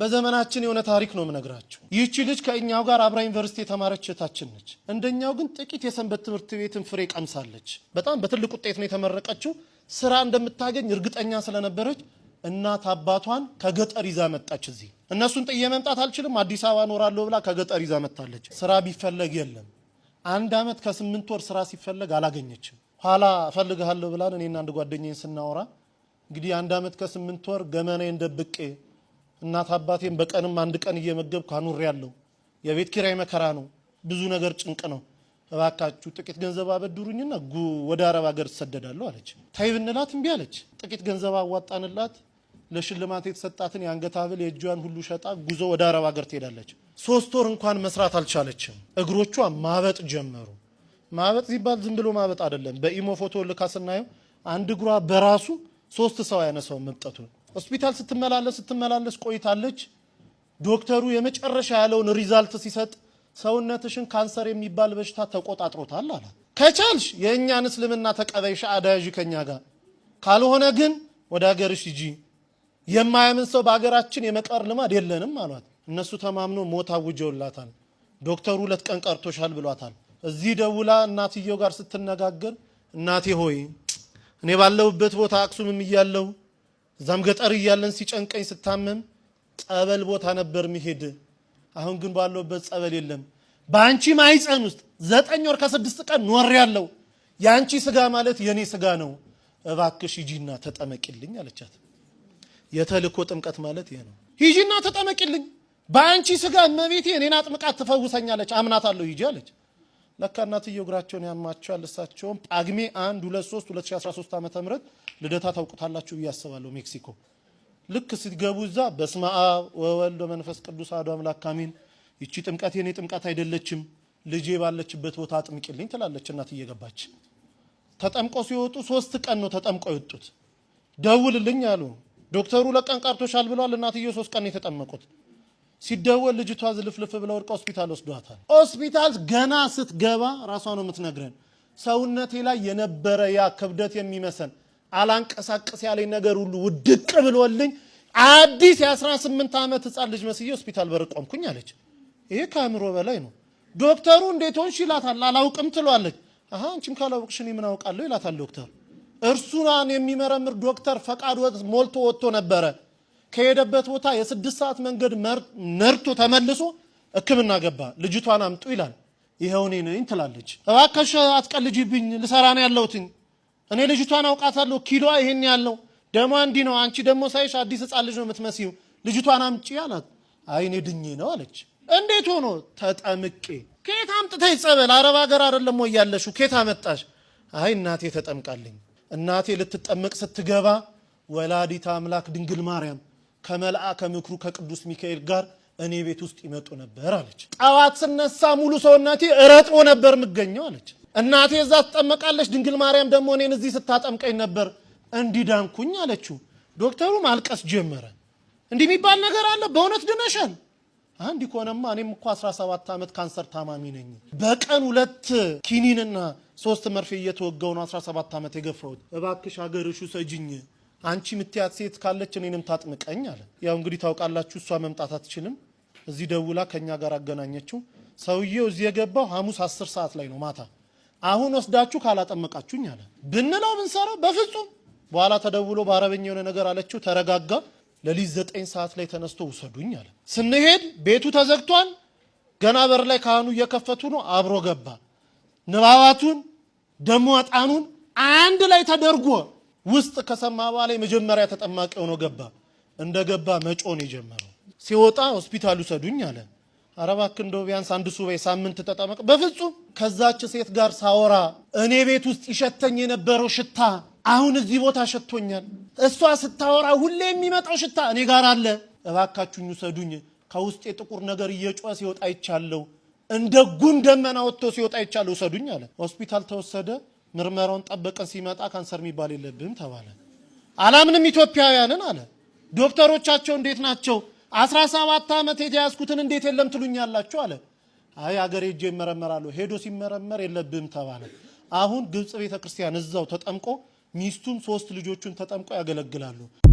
በዘመናችን የሆነ ታሪክ ነው የምነግራችሁ። ይህቺ ልጅ ከእኛው ጋር አብራ ዩኒቨርሲቲ የተማረች እህታችን ነች። እንደኛው ግን ጥቂት የሰንበት ትምህርት ቤትን ፍሬ ቀምሳለች። በጣም በትልቅ ውጤት ነው የተመረቀችው። ስራ እንደምታገኝ እርግጠኛ ስለነበረች እናት አባቷን ከገጠር ይዛ መጣች። እዚህ እነሱን ጥዬ መምጣት አልችልም፣ አዲስ አበባ እኖራለሁ ብላ ከገጠር ይዛ መጣለች። ስራ ቢፈለግ የለም። አንድ ዓመት ከስምንት ወር ስራ ሲፈለግ አላገኘችም። ኋላ እፈልግሃለሁ ብላን እኔና አንድ ጓደኛዬን ስናወራ እንግዲህ አንድ ዓመት ከስምንት ወር ገመናዬን ደብቄ እናት አባቴን በቀንም አንድ ቀን እየመገብኩ አኑሬ ያለው የቤት ኪራይ መከራ ነው። ብዙ ነገር ጭንቅ ነው። እባካችሁ ጥቂት ገንዘብ አበድሩኝና ወደ አረብ ሀገር ትሰደዳለሁ አለች። ታይ ብንላት እምቢ አለች። ጥቂት ገንዘብ አዋጣንላት። ለሽልማት የተሰጣትን የአንገት ሀብል የእጇን ሁሉ ሸጣ ጉዞ ወደ አረብ ሀገር ትሄዳለች። ሶስት ወር እንኳን መስራት አልቻለችም። እግሮቿ ማበጥ ጀመሩ። ማበጥ ሲባል ዝም ብሎ ማበጥ አይደለም። በኢሞ ፎቶ ልካ ስናየው አንድ እግሯ በራሱ ሶስት ሰው ያነሳው መብጠቱ ሆስፒታል ስትመላለስ ስትመላለስ ቆይታለች። ዶክተሩ የመጨረሻ ያለውን ሪዛልት ሲሰጥ ሰውነትሽን ካንሰር የሚባል በሽታ ተቆጣጥሮታል አላት። ከቻልሽ የእኛን እስልምና ተቀበይሽ አዳያዥ ከኛ ጋር ካልሆነ ግን ወደ ሀገርሽ ሂጂ። የማያምን ሰው በሀገራችን የመቀር ልማድ የለንም አሏት። እነሱ ተማምኖ ሞት አውጀውላታል። ዶክተሩ ሁለት ቀን ቀርቶሻል ብሏታል። እዚህ ደውላ እናትየው ጋር ስትነጋገር እናቴ ሆይ እኔ ባለሁበት ቦታ አክሱምም እያለው እዛም ገጠር እያለን ሲጨንቀኝ ስታመም ጸበል ቦታ ነበር የሚሄድ። አሁን ግን ባለውበት ጸበል የለም። በአንቺ ማይፀን ውስጥ ዘጠኝ ወር ከስድስት ቀን ኖር ያለው የአንቺ ስጋ ማለት የኔ ስጋ ነው፣ እባክሽ ሂጂና ተጠመቂልኝ አለቻት። የተልእኮ ጥምቀት ማለት ይሄ ነው። ሂጂና ተጠመቂልኝ፣ በአንቺ ስጋ እመቤቴ እኔን አጥምቃት ትፈውሰኛለች፣ አምናታለሁ፣ ሂጂ አለች። ለካ እናትየው እግራቸውን ያማቸዋል። እሳቸውም ጳጉሜ 1 2 3 2013 ዓመተ ምህረት ልደታ ታውቁታላችሁ ብዬ አስባለሁ። ሜክሲኮ ልክ ሲገቡ እዛ በስመ አብ ወወልድ ወመንፈስ ቅዱስ አሐዱ አምላክ አሜን፣ ይቺ ጥምቀት የኔ ጥምቀት አይደለችም፣ ልጄ ባለችበት ቦታ አጥምቂልኝ ትላለች እናት እየገባች። ተጠምቆ ሲወጡ ሶስት ቀን ነው ተጠምቆ የወጡት። ደውልልኝ አሉ ዶክተሩ። ለቀን ቀርቶሻል ብለዋል። እናትየው ሶስት ቀን የተጠመቁት ሲደወል ልጅቷ ዝልፍልፍ ብለ ወድቀ ሆስፒታል ወስዷታል። ሆስፒታል ገና ስትገባ ራሷ ነው የምትነግረን። ሰውነቴ ላይ የነበረ ያ ክብደት የሚመሰን አላንቀሳቀስ ያለኝ ነገር ሁሉ ውድቅ ብሎልኝ አዲስ የ18 ዓመት ህፃን ልጅ መስዬ ሆስፒታል በር ቆምኩኝ አለች። ይሄ ከአእምሮ በላይ ነው። ዶክተሩ እንዴት ሆንሽ ይላታል። አላውቅም ትሏለች። አሀ አንቺም ካላውቅሽ እኔ ምን አውቃለሁ ይላታል ዶክተር። እርሱን የሚመረምር ዶክተር ፈቃድ ሞልቶ ወጥቶ ነበረ። ከሄደበት ቦታ የስድስት ሰዓት መንገድ ነርቶ ተመልሶ ሕክምና ገባ። ልጅቷን አምጡ ይላል። ይኸው እኔ ነኝ ትላለች። እባከሽ አትቀልጂብኝ፣ ልሰራ ነው ያለሁትኝ። እኔ ልጅቷን አውቃታለሁ። ኪሎዋ ይሄን ያለው ደሞ እንዲህ ነው። አንቺ ደግሞ ሳይሽ አዲስ ሕፃን ልጅ ነው የምትመስዩ። ልጅቷን አምጪ አላት። አይ እኔ ድኜ ነው አለች። እንዴት ሆኖ? ተጠምቄ። ከየት አምጥተሽ ጸበል? አረብ ሀገር አይደለም ወይ ያለሽው? ከየት አመጣሽ? አይ እናቴ ተጠምቃልኝ። እናቴ ልትጠመቅ ስትገባ ወላዲታ አምላክ ድንግል ማርያም ከመልአ ከምክሩ ከቅዱስ ሚካኤል ጋር እኔ ቤት ውስጥ ይመጡ ነበር አለች። ጠዋት ስነሳ ሙሉ ሰውነቴ እረጥቦ ነበር የምገኘው አለች። እናቴ እዛ ትጠመቃለች፣ ድንግል ማርያም ደግሞ እኔን እዚህ ስታጠምቀኝ ነበር እንዲዳንኩኝ አለችው። ዶክተሩ ማልቀስ ጀመረ። እንዲህ የሚባል ነገር አለ? በእውነት ድነሸን? አንድ ከሆነማ እኔም እኮ 17 ዓመት ካንሰር ታማሚ ነኝ። በቀን ሁለት ኪኒንና ሶስት መርፌ እየተወጋው ነው 17 ዓመት የገፋሁት። እባክሽ ሀገርሹ ሰጅኝ አንቺ ምትያት ሴት ካለች እኔንም ታጥምቀኝ አለ። ያው እንግዲህ ታውቃላችሁ፣ እሷ መምጣት አትችልም። እዚህ ደውላ ከኛ ጋር አገናኘችው። ሰውዬው እዚህ የገባው ሐሙስ አስር ሰዓት ላይ ነው ማታ። አሁን ወስዳችሁ ካላጠመቃችሁኝ አለ። ብንለው ብንሰራው በፍጹም በኋላ ተደውሎ በአረበኛ የሆነ ነገር አለችው። ተረጋጋ። ለሊት ዘጠኝ ሰዓት ላይ ተነስቶ ውሰዱኝ አለ። ስንሄድ ቤቱ ተዘግቷል። ገና በር ላይ ካህኑ እየከፈቱ ነው። አብሮ ገባ። ንባባቱን ደሞ ዕጣኑን አንድ ላይ ተደርጎ ውስጥ ከሰማ በኋላ የመጀመሪያ ተጠማቂ ሆኖ ገባ። እንደ ገባ መጮን የጀመረው ሲወጣ ሆስፒታል ውሰዱኝ አለ። አረባ እባክህ እንደው ቢያንስ አንድ ሱባኤ ሳምንት ተጠመቅ። በፍጹም ከዛች ሴት ጋር ሳወራ እኔ ቤት ውስጥ ይሸተኝ የነበረው ሽታ አሁን እዚህ ቦታ ሸቶኛል። እሷ ስታወራ ሁሌ የሚመጣው ሽታ እኔ ጋር አለ። እባካችሁኝ ውሰዱኝ። ከውስጥ የጥቁር ነገር እየጮኸ ሲወጣ ይቻለው፣ እንደ ጉም ደመና ወጥቶ ሲወጣ ይቻለው። ውሰዱኝ አለ። ሆስፒታል ተወሰደ። ምርመራውን ጠበቀን ሲመጣ ካንሰር የሚባል የለብህም ተባለ። አላምንም ኢትዮጵያውያንን አለ። ዶክተሮቻቸው እንዴት ናቸው? 17 ዓመት የተያዝኩትን እንዴት የለም ትሉኛላችሁ? አለ። አይ አገሬ ሄጄ ይመረመራሉ። ሄዶ ሲመረመር የለብህም ተባለ። አሁን ግብጽ ቤተክርስቲያን እዛው ተጠምቆ ሚስቱን ሶስት ልጆቹን ተጠምቆ ያገለግላሉ።